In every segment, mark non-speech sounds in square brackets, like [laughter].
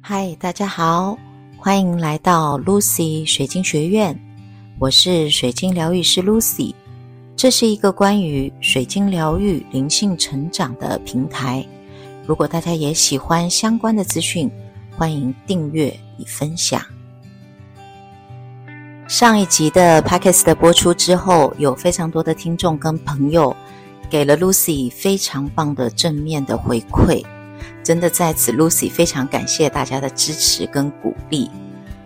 嗨，大家好，歡迎來到 Lucy 水晶學院，我是水晶療癒師 Lucy。這是一個關於水晶療癒、靈性成長的平台。如果大家也喜歡相關的資訊，歡迎訂閱與分享。上一集的 Podcast 的播出之後，有非常多的聽眾跟朋友給了 Lucy 非常棒的正面的回饋。真的在此，Lucy 非常感謝大家的支持跟鼓勵。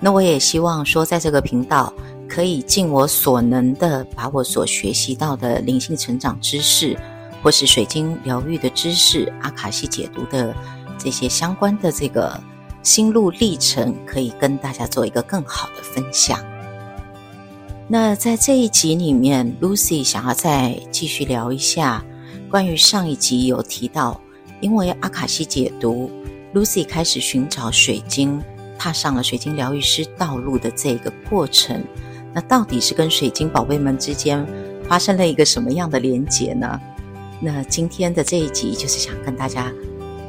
那我也希望說，在這個頻道可以盡我所能的把我所學習到的靈性成長知識，或是水晶療癒的知識、阿卡西解讀的這些相關的這個心路歷程，可以跟大家做一個更好的分享。那在這一集裡面，Lucy 想要再繼續聊一下關於上一集有提到。因為阿卡西解讀，Lucy 開始尋找水晶，踏上了水晶療癒師道路的這個過程。那到底是跟水晶寶貝們之間發生了一個什麼樣的連結呢？那今天的這一集就是想跟大家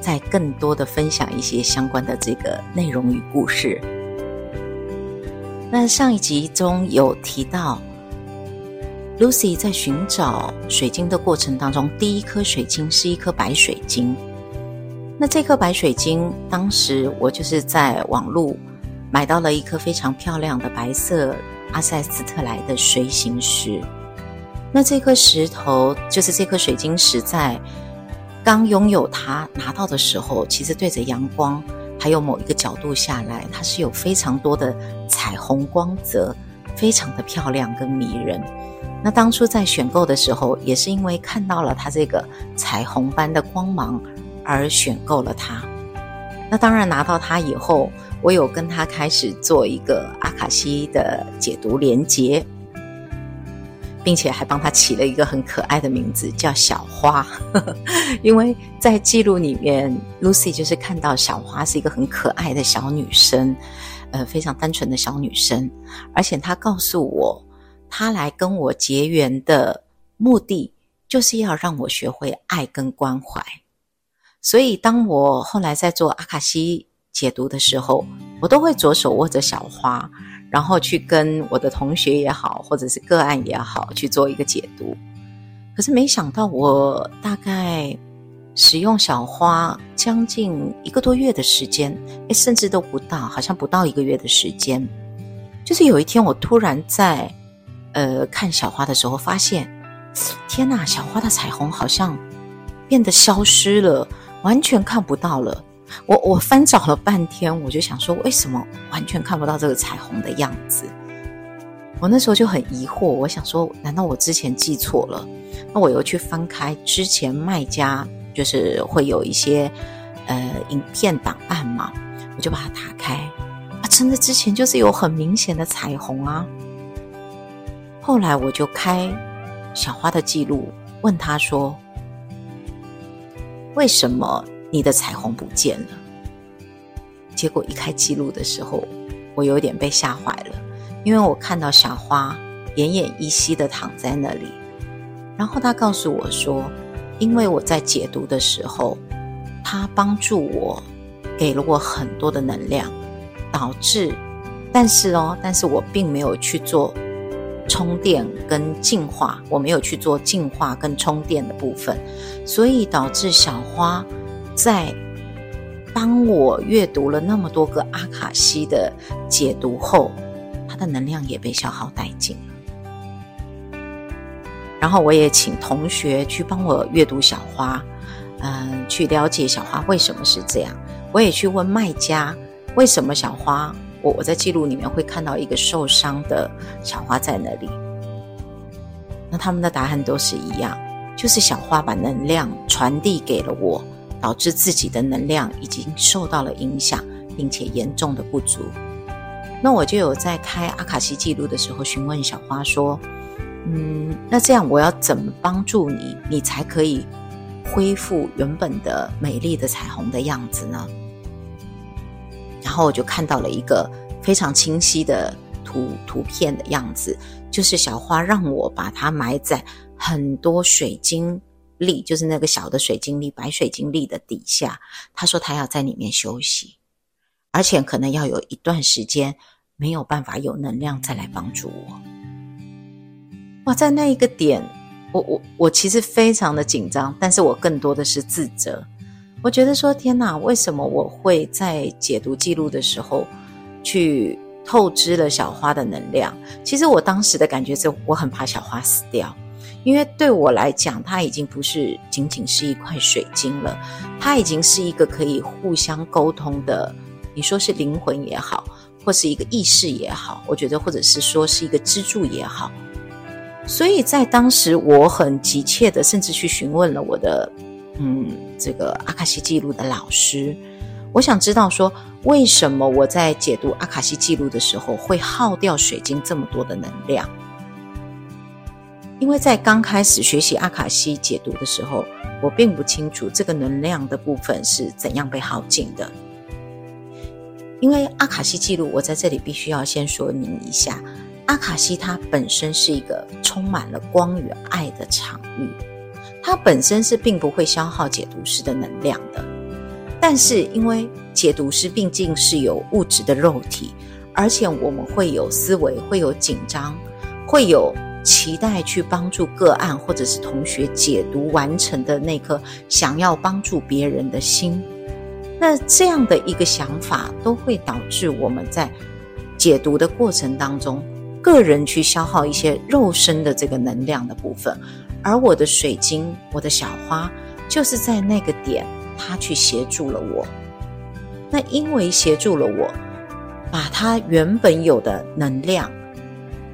再更多的分享一些相關的這個內容與故事。那上一集中有提到。Lucy 在尋找水晶的過程當中，第一顆水晶是一顆白水晶。那這顆白水晶，當時我就是在網路買到了一顆非常漂亮的白色阿塞斯特萊的隨形石。那這顆石頭就是這顆水晶石，在剛擁有它拿到的時候，其實對着陽光還有某一個角度下來，它是有非常多的彩虹光澤，非常的漂亮跟迷人。那當初在選購的時候，也是因為看到了它這個彩虹般的光芒，而選購了它。那當然拿到它以後，我有跟它開始做一個阿卡西的解讀連接，並且還幫他起了一個很可愛的名字，叫小花。 [laughs] 因為在記錄裡面，Lucy 就是看到小花是一個很可愛的小女生，呃，非常單純的小女生，而且她告訴我。他來跟我結緣的目的，就是要讓我學會愛跟關懷。所以，當我後來在做阿卡西解讀的時候，我都會左手握着小花，然後去跟我的同學也好，或者是個案也好，去做一個解讀。可是，沒想到我大概使用小花將近一個多月的時間，哎，甚至都不到，好像不到一個月的時間，就是有一天我突然在。呃，看小花的時候，發現，天哪，小花的彩虹好像變得消失了，完全看不到了。我我翻找了半天，我就想說，為什麼完全看不到這個彩虹的樣子？我那時候就很疑惑，我想說，難道我之前記錯了？那我又去翻開之前賣家就是會有一些呃影片檔案嘛，我就把它打開，啊，真的之前就是有很明顯的彩虹啊。後來我就開小花的記錄，問他說：“為什麼你的彩虹不見了？”結果一開記錄的時候，我有點被嚇壞了，因為我看到小花奄奄一息的躺在那裡。然後他告訴我說：“因為我在解讀的時候，他幫助我，給了我很多的能量，導致……但是哦，但是我並沒有去做。”充電跟淨化，我沒有去做淨化跟充電的部分，所以導致小花在幫我閱讀了那麼多個阿卡西的解讀後，它的能量也被消耗殆盡了。然後我也請同學去幫我閱讀小花，嗯、呃，去了解小花為什麼是這樣。我也去問賣家，為什麼小花？我我在記錄裡面會看到一個受傷的小花在那裡，那他們的答案都是一樣，就是小花把能量傳遞給了我，導致自己的能量已經受到了影響，並且嚴重的不足。那我就有在開阿卡西記錄的時候詢問小花說：“嗯，那這樣我要怎麼幫助你，你才可以恢復原本的美麗的彩虹的樣子呢？”然後我就看到了一個非常清晰的圖圖片的樣子，就是小花讓我把它埋在很多水晶粒，就是那個小的水晶粒，白水晶粒的底下。她說她要在裡面休息，而且可能要有一段時間沒有辦法有能量再來幫助我。哇，在那一個點，我我我其實非常的緊張，但是我更多的是自責。我覺得說天哪，為什麼我會在解讀記錄的時候，去透支了小花的能量？其實我當時的感覺是，我很怕小花死掉，因為對我來講，它已經不是僅僅是一塊水晶了，它已經是一個可以互相溝通的。你說是靈魂也好，或是一個意識也好，我覺得或者是說是一個支柱也好，所以在當時我很急切的，甚至去詢問了我的。嗯，這個阿卡西記錄的老師，我想知道說，為什麼我在解讀阿卡西記錄的時候會耗掉水晶這麼多的能量？因為在剛開始學習阿卡西解讀的時候，我並不清楚這個能量的部分是怎樣被耗盡的。因為阿卡西記錄，我在這裡必須要先說明一下，阿卡西它本身是一個充滿了光與愛的場域。它本身是並不會消耗解讀師的能量的，但是因為解讀師畢竟是有物質的肉體，而且我們會有思維，會有緊張，會有期待去幫助個案或者是同學解讀完成的那顆想要幫助別人的心，那這樣的一個想法都會導致我們在解讀的過程當中，個人去消耗一些肉身的這個能量的部分，而我的水晶，我的小花，就是在那個點，它去協助了我。那因為協助了我，把它原本有的能量，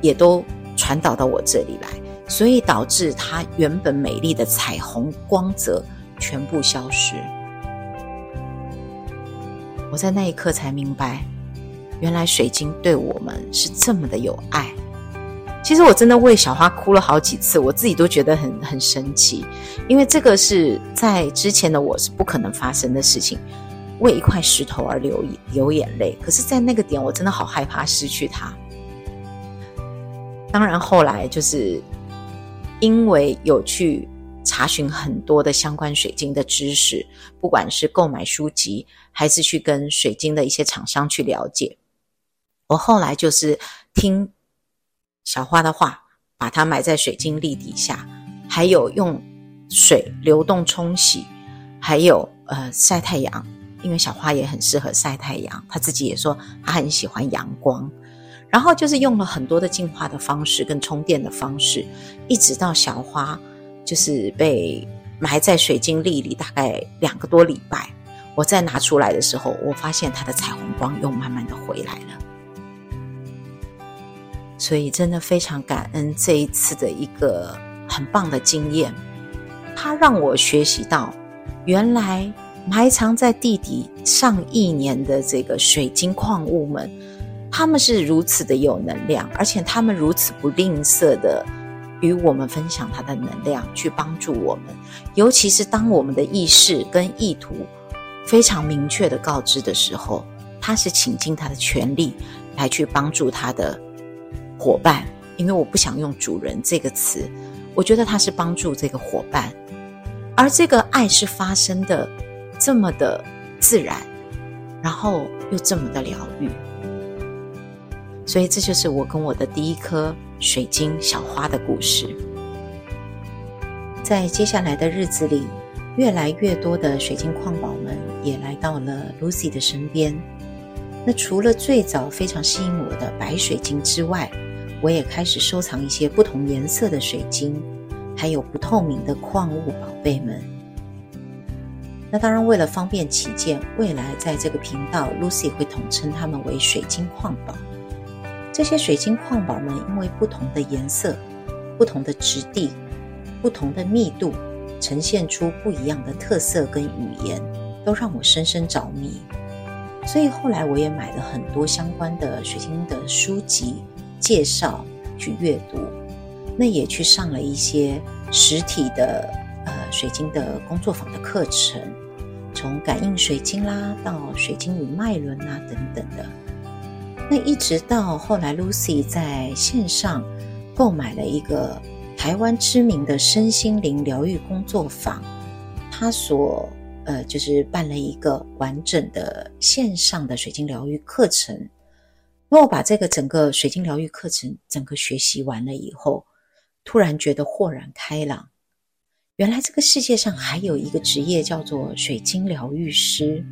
也都傳導到我這裡來，所以導致它原本美麗的彩虹光澤全部消失。我在那一刻才明白。原來水晶對我們是這麼的有愛。其實我真的為小花哭了好幾次，我自己都覺得很很神奇，因為這個是在之前的我是不可能發生的事情，為一塊石頭而流眼流眼淚。可是，在那個點，我真的好害怕失去它。當然後來就是因為有去查詢很多的相關水晶的知識，不管是購買書籍，還是去跟水晶的一些廠商去了解。我後來就是聽小花的話，把它埋在水晶粒底下，還有用水流動沖洗，還有呃曬太陽，因為小花也很適合曬太陽，她自己也說她很喜歡陽光。然後就是用了很多的淨化的方式跟充電的方式，一直到小花就是被埋在水晶粒裡大概兩個多禮拜，我再拿出來的時候，我發現它的彩虹光又慢慢的回來了。所以，真的非常感恩這一次的一個很棒的經驗。它讓我學習到，原來埋藏在地底上億年的這個水晶礦物們，他們是如此的有能量，而且他們如此不吝嗇的與我們分享它的能量，去幫助我們。尤其是當我們的意識跟意圖非常明確的告知的時候，他是傾盡他的全力來去幫助他的夥伴，因為我不想用「主人」這個詞，我覺得他是幫助這個夥伴，而這個愛是發生的這麼的自然，然後又這麼的療癒，所以這就是我跟我的第一顆水晶小花的故事。在接下來的日子裡，越來越多的水晶礦寶們也來到了 Lucy 的身邊。那除了最早非常吸引我的白水晶之外，我也開始收藏一些不同顏色的水晶，還有不透明的礦物寶貝們。那當然，為了方便起見，未來在這個頻道，Lucy 會統稱它們為水晶礦寶。這些水晶礦寶們因為不同的顏色、不同的質地、不同的密度，呈現出不一樣的特色跟語言，都讓我深深着迷。所以後來我也買了很多相關的水晶的書籍。介紹去閱讀，那也去上了一些實體的呃水晶的工作坊的課程，從感應水晶啦到水晶與脈輪啦等等的，那一直到後來 Lucy 在線上購買了一個台灣知名的身心靈療癒工作坊，他所呃就是辦了一個完整的線上的水晶療癒課程。那我把這個整個水晶療癒課程整個學習完了以後，突然覺得豁然開朗。原來這個世界上還有一個職業叫做水晶療癒師，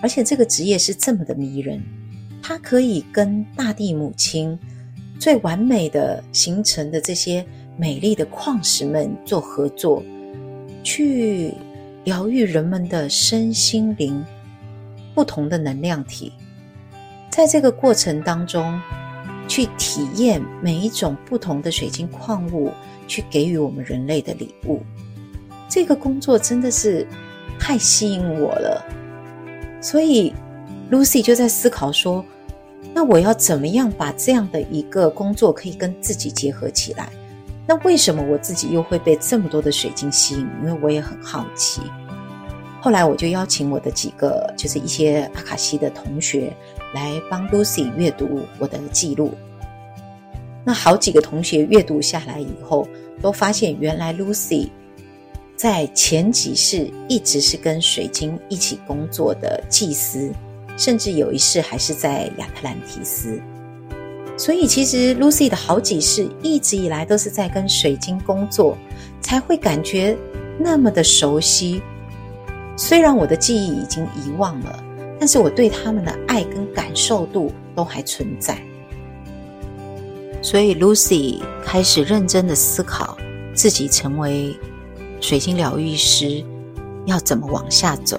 而且這個職業是這麼的迷人。它可以跟大地母親最完美的形成的這些美麗的礦石們做合作，去療癒人們的身心靈不同的能量體。在這個過程當中，去體驗每一種不同的水晶礦物，去給予我們人類的禮物。這個工作真的是太吸引我了，所以 Lucy 就在思考說：“那我要怎麼樣把這樣的一個工作可以跟自己結合起來？那為什麼我自己又會被這麼多的水晶吸引？因為我也很好奇。”後來我就邀請我的幾個，就是一些阿卡西的同學。來幫 Lucy 閱讀我的記錄。那好幾個同學閱讀下來以後，都發現原來 Lucy 在前幾世一直是跟水晶一起工作的祭司，甚至有一世還是在亞特蘭提斯。所以其實 Lucy 的好幾世一直以來都是在跟水晶工作，才會感覺那麼的熟悉。雖然我的記憶已經遺忘了。但是我對他們的愛跟感受度都還存在，所以 Lucy 開始認真的思考自己成為水晶療癒師要怎麼往下走。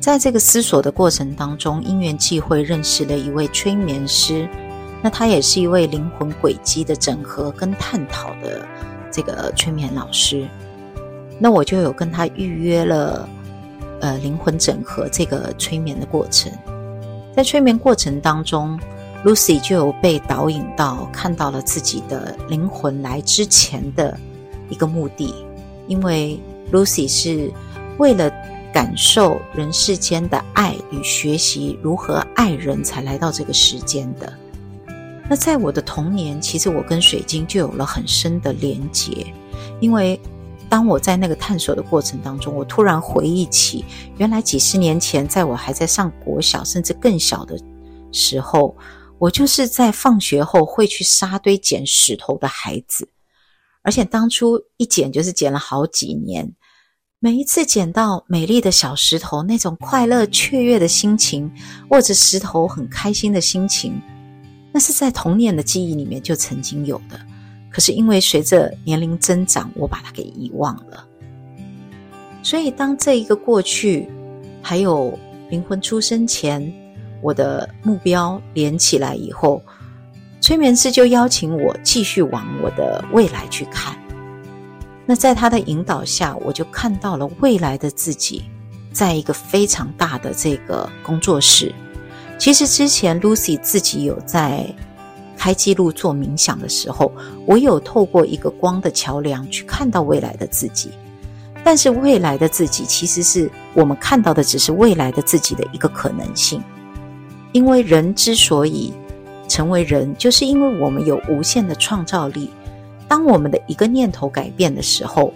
在這個思索的過程當中，因緣際會認識了一位催眠師，那他也是一位靈魂軌跡的整合跟探討的這個催眠老師，那我就有跟他預約了。呃，靈魂整合這個催眠的過程，在催眠過程當中，Lucy 就有被導引到，看到了自己的靈魂來之前的一個目的，因為 Lucy 是為了感受人世間的愛與學習如何愛人才來到這個世間的。那在我的童年，其實我跟水晶就有了很深的連結，因為當我在那個探索的過程當中，我突然回憶起，原來幾十年前，在我還在上國小甚至更小的時候，我就是在放學後會去沙堆撿石頭的孩子，而且當初一撿就是撿了好幾年，每一次撿到美麗的小石頭，那種快樂雀躍的心情，握着石頭很開心的心情，那是在童年的記憶裡面就曾經有的。可是因為隨着年齡增長，我把它給遺忘了。所以當這一個過去，還有靈魂出生前，我的目標連起來以後，催眠師就邀請我繼續往我的未來去看。那在他的引導下，我就看到了未來的自己，在一個非常大的這個工作室。其實之前 Lucy 自己有在開記錄做冥想的時候，我有透過一個光的橋樑去看到未來的自己。但是未來的自己，其實是我們看到的只是未來的自己的一個可能性。因為人之所以成為人，就是因為我們有無限的創造力。當我們的一個念頭改變的時候，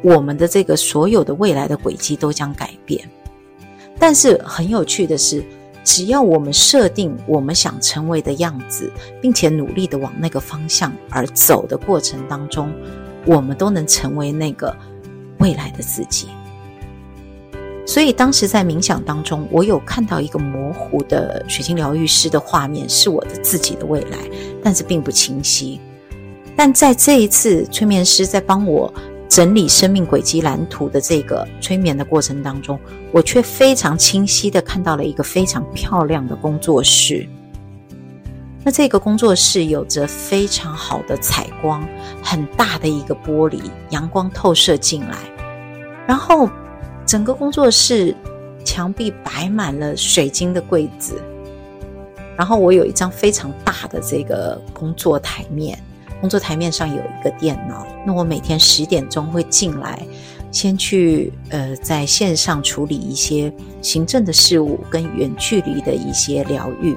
我們的這個所有的未來的軌跡都將改變。但是很有趣的是。只要我們設定我們想成為的樣子，並且努力的往那個方向而走的過程當中，我們都能成為那個未來的自己。所以當時在冥想當中，我有看到一個模糊的水晶療癒師的畫面，是我的自己的未來，但是並不清晰。但在這一次催眠師在幫我。整理生命軌跡藍圖的這個催眠的過程當中，我卻非常清晰地看到了一個非常漂亮的工作室。那這個工作室有着非常好的採光，很大的一個玻璃，陽光透射進來。然後，整個工作室牆壁擺滿了水晶的櫃子，然後我有一張非常大的這個工作台面。工作台面上有一個電腦，那我每天十點鐘會進來，先去呃在線上處理一些行政的事務跟遠距離的一些療癒，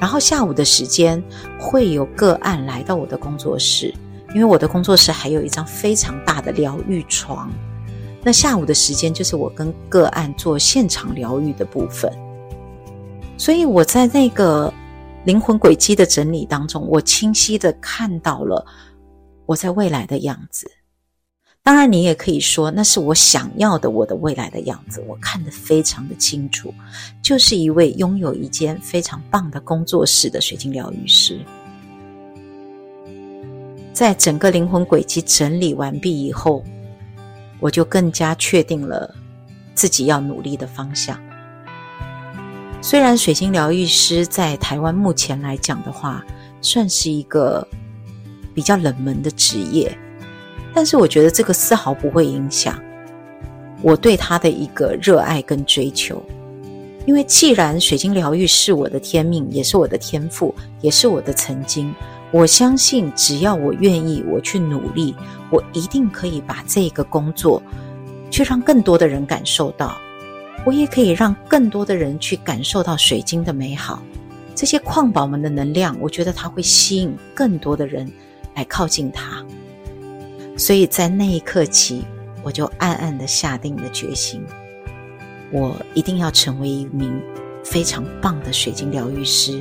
然後下午的時間會有個案來到我的工作室，因為我的工作室還有一張非常大的療癒床，那下午的時間就是我跟個案做現場療癒的部分，所以我在那個靈魂軌跡的整理當中，我清晰的看到了我在未來的樣子。當然，你也可以說那是我想要的我的未來的樣子，我看得非常的清楚，就是一位擁有一間非常棒的工作室的水晶療癒師。在整個靈魂軌跡整理完畢以後，我就更加確定了自己要努力的方向。雖然水晶療癒師在台灣目前來講的話，算是一個比較冷門的職業，但是我覺得這個絲毫不會影響我對他的一個熱愛跟追求。因為既然水晶療癒是我的天命，也是我的天賦，也是我的曾經，我相信只要我願意，我去努力，我一定可以把這個工作去讓更多的人感受到。我也可以讓更多的人去感受到水晶的美好，這些礦寶們的能量，我覺得它會吸引更多的人來靠近它。所以在那一刻起，我就暗暗地下定了決心，我一定要成為一名非常棒的水晶療癒師，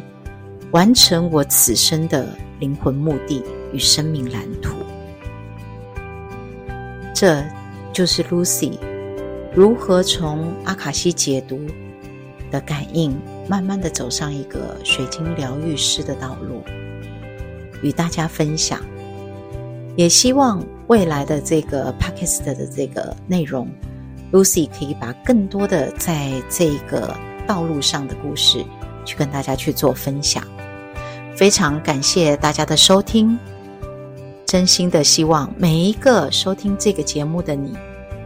完成我此生的靈魂目的與生命藍圖。這就是 Lucy。如何從阿卡西解讀的感應，慢慢的走上一個水晶療癒師的道路，與大家分享。也希望未來的這個 Podcast 的這個內容，Lucy 可以把更多的在這個道路上的故事，去跟大家去做分享。非常感謝大家的收聽，真心的希望每一個收聽這個節目的你，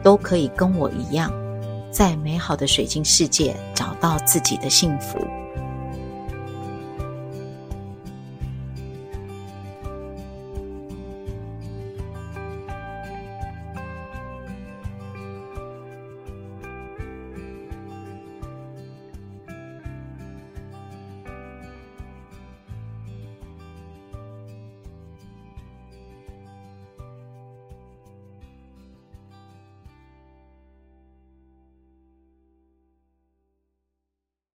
都可以跟我一樣，在美好的水晶世界找到自己的幸福。